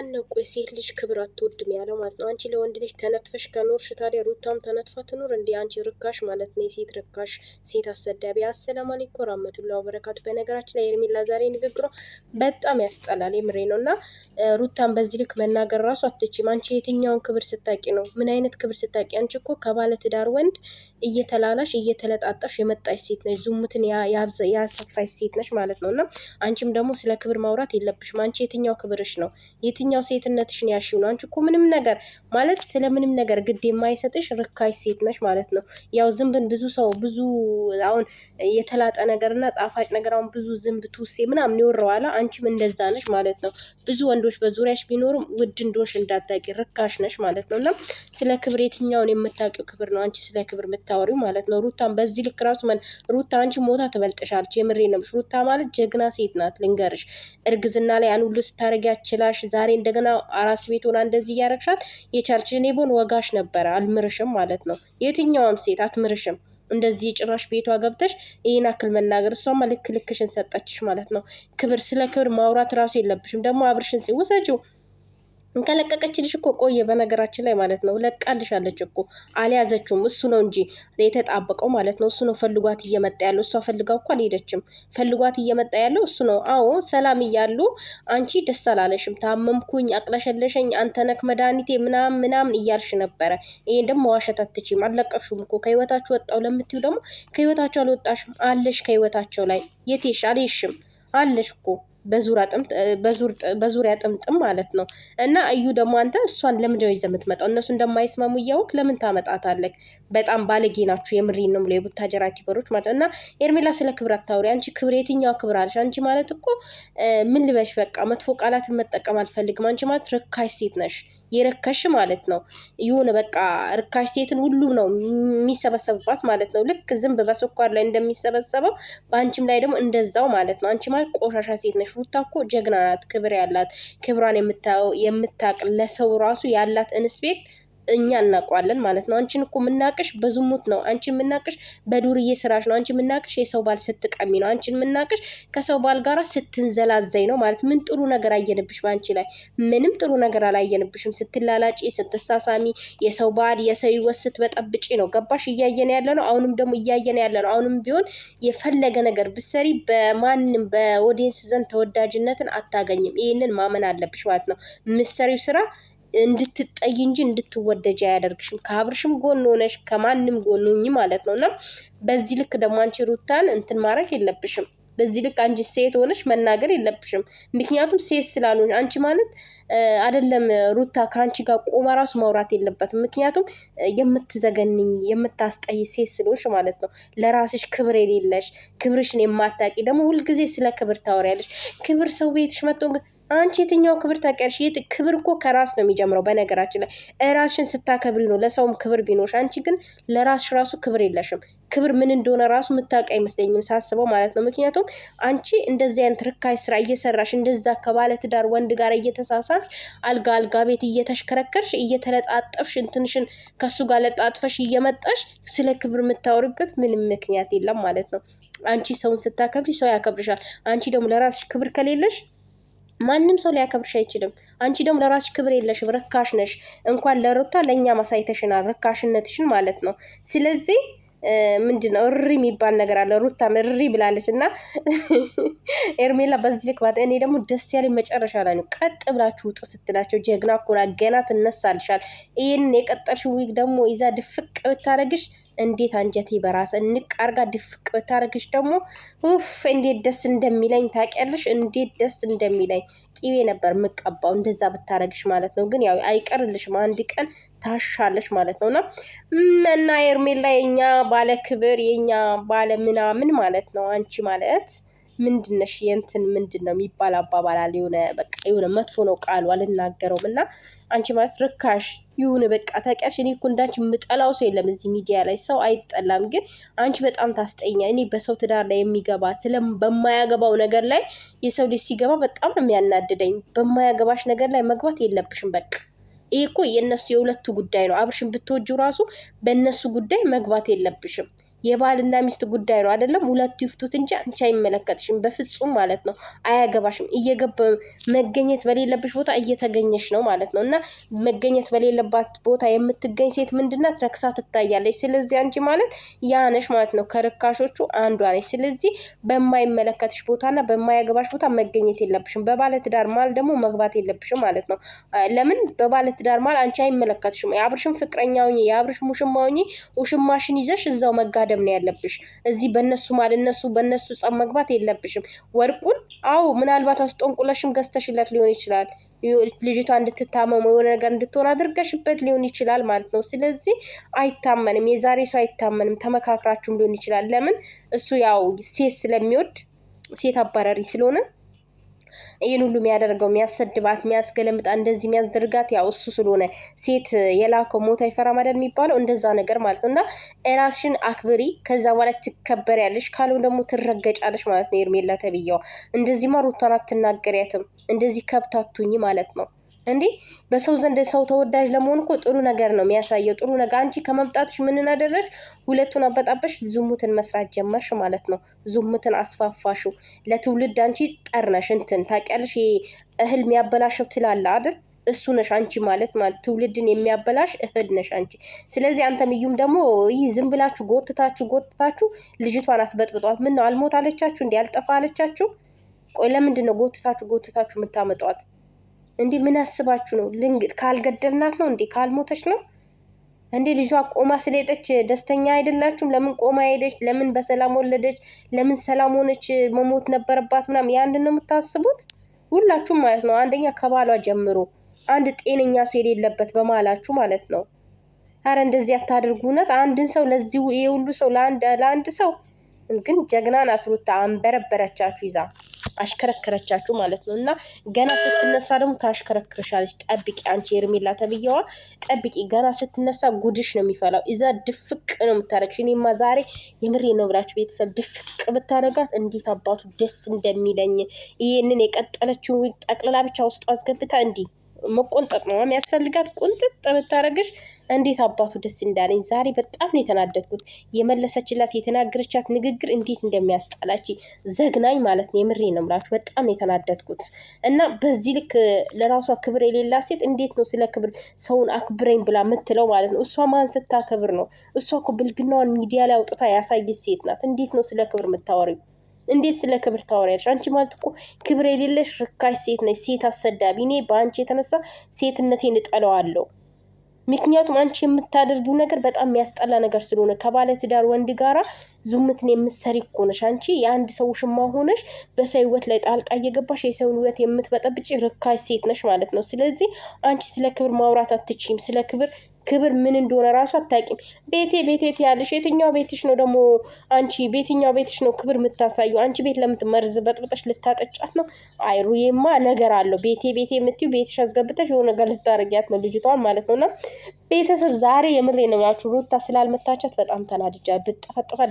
ማን ነው ቆይ ሴት ልጅ ክብር አትወድም ያለው ማለት ነው? አንቺ ለወንድ ልጅ ተነጥፈሽ ከኖርሽ ታዲያ ሩታም ተነጥፋ ትኖር እንዴ? አንቺ ርካሽ ማለት ነው፣ የሴት ርካሽ፣ ሴት አሰዳቢ። አሰላም አለይኩም ወራህመቱላሂ ወበረካቱ። በነገራችን ላይ ሄርሜላ ዛሬ ንግግሯ በጣም ያስጠላል፣ የምሬ ነው። እና ሩታም በዚህ ልክ መናገር ራሱ አትችም። አንቺ የትኛውን ክብር ስታቂ ነው? ምን አይነት ክብር ስታቂ? አንቺ እኮ ከባለ ትዳር ወንድ እየተላላሽ እየተለጣጣሽ የመጣሽ ሴት ነሽ፣ ዙሙትን ያሰፋሽ ሴት ነሽ ማለት ነው። እና አንቺም ደግሞ ስለ ክብር ማውራት የለብሽም። አንቺ የትኛው ክብርሽ ነው? የትኛው ሴትነትሽን ያሽው ነው? አንቺ እኮ ምንም ነገር ማለት ስለምንም ነገር ግድ የማይሰጥሽ ርካሽ ሴት ነሽ ማለት ነው። ያው ዝንብን ብዙ ሰው ብዙ አሁን የተላጠ ነገርና ጣፋጭ ነገር አሁን ብዙ ዝንብ ትውሴ ምናምን ይወረዋላ። አንቺም እንደዛ ነሽ ማለት ነው። ብዙ ወንዶች በዙሪያሽ ቢኖሩም ውድ እንደሆንሽ እንዳታቂ ርካሽ ነሽ ማለት ነው። እና ስለ ክብር የትኛውን የምታውቂው ክብር ነው አንቺ ስለ ክብር የምታወሪው ማለት ነው። ሩታን በዚህ ልክ ራሱ መን ሩታ አንቺ ሞታ ትበልጥሻለች። የምሬ ነው። ሩታ ማለት ጀግና ሴት ናት። ልንገርሽ እርግዝና ላይ ያን ሁሉ ስታደርጊ ያችላሽ ዛሬ እንደገና አራስ ቤት ሆና እንደዚህ እያረግሻት የቻልሽ ቦን ወጋሽ ነበረ። አልምርሽም ማለት ነው። የትኛውም ሴት አትምርሽም። እንደዚህ ጭራሽ ቤቷ ገብተሽ ይህን አክል መናገር፣ እሷማ ልክ ልክሽን ሰጠችሽ ማለት ነው። ክብር ስለ ክብር ማውራት ራሱ የለብሽም። ደግሞ አብርሽን ሲወሰጂው ከለቀቀችልሽ እኮ ቆየ። በነገራችን ላይ ማለት ነው ለቃልሻለች እኮ አልያዘችውም። እሱ ነው እንጂ የተጣበቀው ማለት ነው። እሱ ነው ፈልጓት እየመጣ ያለው። እሷ ፈልጋው እኮ አልሄደችም። ፈልጓት እየመጣ ያለው እሱ ነው። አዎ ሰላም እያሉ አንቺ ደስ አላለሽም። ታመምኩኝ፣ አቅለሸለሸኝ፣ ነክ መድኃኒቴ ምናም ምናምን እያልሽ ነበረ። ይሄን ደግሞ ዋሸት አትችም። አልለቀቅሽውም እኮ ከህይወታችሁ ወጣው ለምትዩ ደግሞ ከህይወታቸው አልወጣሽም አለሽ። ከህይወታቸው ላይ የትሽ አልሽም አለሽ እኮ በዙሪያ ጥምጥም ማለት ነው። እና እዩ ደግሞ አንተ እሷን ለምንድን ነው ይዘህ የምትመጣው? እነሱ እንደማይስማሙ እያወቅ ለምን ታመጣታለህ? በጣም ባለጌ ናችሁ። የምሬን ነው ብሎ የቡታጀራ ኪበሮች ማለት እና ኤርሜላ ስለ ክብር አታውሪ። አንቺ ክብር የትኛው ክብር አለሽ? አንቺ ማለት እኮ ምን ልበሽ? በቃ መጥፎ ቃላትን መጠቀም አልፈልግም። አንቺ ማለት ርካሽ ሴት ነሽ። የረከሽ ማለት ነው። ይሁን በቃ ርካሽ ሴትን ሁሉም ነው የሚሰበሰብባት ማለት ነው። ልክ ዝንብ በስኳር ላይ እንደሚሰበሰበው በአንቺም ላይ ደግሞ እንደዛው ማለት ነው። አንቺ ማለት ቆሻሻ ሴት ነሽ። ሩታ እኮ ጀግና ናት፣ ክብር ያላት ክብሯን የምታቅ ለሰው ራሱ ያላት ኢንስፔክት እኛ እናውቀዋለን ማለት ነው። አንቺን እኮ የምናቅሽ በዝሙት ነው። አንቺን የምናቅሽ በዱርዬ ስራሽ ነው። አንቺን የምናቅሽ የሰው ባል ስትቀሚ ነው። አንቺን የምናቅሽ ከሰው ባል ጋራ ስትንዘላዘይ ነው ማለት። ምን ጥሩ ነገር አየንብሽ በአንቺ ላይ? ምንም ጥሩ ነገር አላየንብሽም። ስትላላጭ፣ ስትሳሳሚ፣ የሰው ባል የሰው ይወት ስትበጠብጪ ነው። ገባሽ? እያየን ያለ ነው። አሁንም ደግሞ እያየን ያለ ነው። አሁንም ቢሆን የፈለገ ነገር ብሰሪ በማንም በኦዲየንስ ዘንድ ተወዳጅነትን አታገኝም። ይህንን ማመን አለብሽ ማለት ነው። ምሰሪው ስራ እንድትጠይ እንጂ እንድትወደጅ አያደርግሽም። ከአብርሽም ጎን ሆነሽ ከማንም ጎን ሁኚ ማለት ነው እና በዚህ ልክ ደግሞ አንቺ ሩታን እንትን ማድረግ የለብሽም። በዚህ ልክ አንቺ ሴት ሆነሽ መናገር የለብሽም። ምክንያቱም ሴት ስላልሆንሽ አንቺ ማለት አይደለም ሩታ ከአንቺ ጋር ቆማ ራሱ ማውራት የለበትም። ምክንያቱም የምትዘገንኝ የምታስጠይ ሴት ስለሆንሽ ማለት ነው። ለራስሽ ክብር የሌለሽ ክብርሽን የማታቂ ደግሞ ሁልጊዜ ስለ ክብር ታወሪያለሽ። ክብር ሰው ቤትሽ መጥቶ አንቺ የትኛው ክብር የት ክብር እኮ ከራስ ነው የሚጀምረው። በነገራችን ላይ ራስሽን ስታከብሪ ነው ለሰውም ክብር ቢኖርሽ። አንቺ ግን ለራስሽ ራሱ ክብር የለሽም። ክብር ምን እንደሆነ ራሱ የምታውቅ አይመስለኝም ሳስበው ማለት ነው። ምክንያቱም አንቺ እንደዚህ አይነት ርካሽ ስራ እየሰራሽ እንደዛ ከባለ ትዳር ወንድ ጋር እየተሳሳሽ አልጋ አልጋ ቤት እየተሽከረከርሽ እየተለጣጠፍሽ እንትንሽን ከሱ ጋር ለጣጥፈሽ እየመጣሽ ስለ ክብር የምታወሪበት ምንም ምክንያት የለም ማለት ነው። አንቺ ሰውን ስታከብሪ ሰው ያከብርሻል። አንቺ ደግሞ ለራስሽ ክብር ከሌለሽ ማንም ሰው ሊያከብርሽ አይችልም። አንቺ ደግሞ ለራስሽ ክብር የለሽም፣ ርካሽ ነሽ። እንኳን ለሩታ ለእኛ ማሳይተሽናል ርካሽነትሽን ማለት ነው። ስለዚህ ምንድነው እሪ የሚባል ነገር አለ። ሩታም እሪ ብላለች እና ኤርሜላ በዚህ ልክ ባት እኔ ደግሞ ደስ ያለኝ መጨረሻ ላይ ነው። ቀጥ ብላችሁ ውጡ ስትላቸው ጀግና እኮ ናት፣ ገና ትነሳልሻል። ይህን የቀጠርሽ ዊግ ደግሞ ይዛ ድፍቅ ብታደርግሽ እንዴት አንጀቴ በራሰ እንቃርጋ ድፍቅ ብታደርግሽ ደግሞ ውፍ እንዴት ደስ እንደሚለኝ ታውቂያለሽ? እንዴት ደስ እንደሚለኝ ቂቤ ነበር የምቀባው እንደዛ ብታደርግሽ ማለት ነው። ግን ያው አይቀርልሽም፣ አንድ ቀን ታሻለሽ ማለት ነው። እና ሄርሜላ የኛ ባለ ክብር የኛ ባለ ምናምን ማለት ነው አንቺ ማለት ምንድነሽ የእንትን ምንድን ነው የሚባል አባባላል የሆነ በቃ የሆነ መጥፎ ነው ቃሉ አልናገረውም። እና አንቺ ማለት ርካሽ ይሁን በቃ ታውቂያለሽ። እኔ እኮ እንዳንቺ የምጠላው ሰው የለም እዚህ ሚዲያ ላይ ሰው አይጠላም፣ ግን አንቺ በጣም ታስጠኛ። እኔ በሰው ትዳር ላይ የሚገባ ስለ በማያገባው ነገር ላይ የሰው ልጅ ሲገባ በጣም ነው የሚያናድደኝ። በማያገባሽ ነገር ላይ መግባት የለብሽም በቃ ይሄ እኮ የእነሱ የሁለቱ ጉዳይ ነው። አብርሽን ብትወጁ ራሱ በእነሱ ጉዳይ መግባት የለብሽም። የባልና ሚስት ጉዳይ ነው አይደለም? ሁለቱ ይፍቱት እንጂ አንቺ አይመለከትሽም፣ በፍጹም ማለት ነው። አያገባሽም። እየገባ መገኘት በሌለብሽ ቦታ እየተገኘሽ ነው ማለት ነው። እና መገኘት በሌለባት ቦታ የምትገኝ ሴት ምንድናት? ረክሳ ትታያለች። ስለዚህ አንቺ ማለት ያነሽ ማለት ነው፣ ከርካሾቹ አንዷ ነች። ስለዚህ በማይመለከትሽ ቦታና በማያገባሽ ቦታ መገኘት የለብሽም። በባለትዳር ማል ደግሞ መግባት የለብሽም ማለት ነው። ለምን በባለትዳር ማል አንቺ አይመለከትሽም። የአብርሽም ፍቅረኛ ሁኚ፣ የአብርሽም ውሽማ ሁኚ፣ ውሽማሽን ይዘሽ እዛው መጋደ መሳደብ ነው ያለብሽ። እዚህ ማል እነሱ በነሱ ጸብ መግባት የለብሽም። ወርቁን አዎ ምናልባት አስጠንቁለሽም ገዝተሽለት ሊሆን ይችላል። ልጅቷ እንድትታመሙ የሆነ ነገር እንድትሆን አድርገሽበት ሊሆን ይችላል ማለት ነው። ስለዚህ አይታመንም፣ የዛሬ ሰው አይታመንም። ተመካክራችሁም ሊሆን ይችላል። ለምን እሱ ያው ሴት ስለሚወድ ሴት አባራሪ ስለሆነ ይህን ሁሉ የሚያደርገው የሚያሰድባት፣ የሚያስገለምጣ እንደዚህ የሚያስደርጋት ያው እሱ ስለሆነ ሴት የላከው ሞት አይፈራ ማለት የሚባለው እንደዛ ነገር ማለት ነው። እና እራስሽን አክብሪ፣ ከዛ በኋላ ያለሽ ካልሆን ደግሞ ትረገጫለሽ ማለት ነው። ሄርሜላ ተብያዋ እንደዚህማ ሩታን አትናገሪያትም፣ እንደዚህ ከብታቱኝ ማለት ነው። እንዴ በሰው ዘንድ ሰው ተወዳጅ ለመሆን እኮ ጥሩ ነገር ነው የሚያሳየው። ጥሩ ነገር አንቺ ከመምጣትሽ ምንን አደረሽ? ሁለቱን አበጣበሽ፣ ዝሙትን መስራት ጀመርሽ ማለት ነው። ዝሙትን አስፋፋሹ። ለትውልድ አንቺ ጠርነሽ እንትን ታውቂያለሽ። ይሄ እህል የሚያበላሸው ትላለ አይደል? እሱ ነሽ አንቺ ማለት ማለት ትውልድን የሚያበላሽ እህል ነሽ አንቺ። ስለዚህ አንተ ምዩም ደግሞ ይህ ዝም ብላችሁ ጎትታችሁ ጎትታችሁ ልጅቷን አትበጥብጧት። ምን ነው አልሞት አለቻችሁ? እንዲ አልጠፋ አለቻችሁ? ቆይ ለምንድን ነው ጎትታችሁ ጎትታችሁ የምታመጧት? እንዴ ምን አስባችሁ ነው? ልንግ ካልገደልናት ነው እንዴ? ካልሞተች ነው እንዴ? ልጇ ቆማ ስለሄደች ደስተኛ አይደላችሁም? ለምን ቆማ ሄደች? ለምን በሰላም ወለደች? ለምን ሰላም ሆነች? መሞት ነበረባት ምናምን ያንድን ነው የምታስቡት ሁላችሁም ማለት ነው። አንደኛ ከባሏ ጀምሮ አንድ ጤነኛ ሰው የሌለበት በማላችሁ ማለት ነው። አረ እንደዚህ አታደርጉ። እውነት አንድን ሰው ለዚሁ ይሄ ሁሉ ሰው ለአንድ ሰው ግን ጀግና ናት ሩታ አንበረበረቻችሁ ይዛ አሽከረከረቻችሁ ማለት ነው። እና ገና ስትነሳ ደግሞ ታሽከረክርሻለች። ጠብቂ አንቺ ሄርሜላ ተብዬዋ ጠብቂ። ገና ስትነሳ ጉድሽ ነው የሚፈላው። እዛ ድፍቅ ነው የምታደርግሽ። እኔማ ዛሬ የምሬ ነው ብላችሁ ቤተሰብ ድፍቅ ብታደርጋት እንዴት አባቱ ደስ እንደሚለኝ ይህንን የቀጠለችውን ጠቅልላ ብቻ ውስጡ አስገብታ እንዲህ መቆንጠጥ ነው የሚያስፈልጋት። ቁንጥጥ ብታረግሽ እንዴት አባቱ ደስ እንዳለኝ። ዛሬ በጣም ነው የተናደድኩት። የመለሰችላት የተናገረቻት ንግግር እንዴት እንደሚያስጠላች ዘግናኝ ማለት ነው። የምሬ ነው የምላችሁ፣ በጣም ነው የተናደድኩት። እና በዚህ ልክ ለራሷ ክብር የሌላ ሴት እንዴት ነው ስለ ክብር ሰውን አክብረኝ ብላ የምትለው ማለት ነው? እሷ ማን ስታከብር ነው? እሷ እኮ ብልግናዋን ሚዲያ ላይ አውጥታ ያሳየች ሴት ናት። እንዴት ነው ስለ ክብር የምታወሪው? እንዴት ስለ ክብር ታወሪያለሽ? አንቺ ማለት እኮ ክብር የሌለሽ ርካሽ ሴት ነች፣ ሴት አሰዳቢ። እኔ በአንቺ የተነሳ ሴትነቴን እጠለዋለሁ። ምክንያቱም አንቺ የምታደርጊው ነገር በጣም የሚያስጠላ ነገር ስለሆነ ከባለ ትዳር ወንድ ጋራ ዙምትን የምትሰሪ እኮ ነሽ። አንቺ የአንድ ሰው ሽማ ሆነሽ በሰው ህይወት ላይ ጣልቃ እየገባሽ የሰውን ህይወት የምትበጠብጭ ርካሽ ሴት ነሽ ማለት ነው። ስለዚህ አንቺ ስለ ክብር ማውራት አትችም። ስለ ክብር ክብር ምን እንደሆነ ራሱ አታውቂም። ቤቴ ቤቴ ትያለሽ። የትኛው ቤትሽ ነው ደግሞ አንቺ? ቤትኛው ቤትሽ ነው ክብር የምታሳዩ አንቺ? ቤት ለምትመርዝ በጥብጠሽ ልታጠጫት ነው? አይሩዬማ ነገር አለው። ቤቴ ቤቴ የምትይው ቤትሽ አስገብተሽ የሆነ ነገር ልታረጊያት ነው ልጅቷን ማለት ነውና፣ ቤተሰብ ዛሬ የምሬ ነው ያችሁ ሩታ ስላልመታቻት በጣም ተናድጃ ብጠፈጥፋ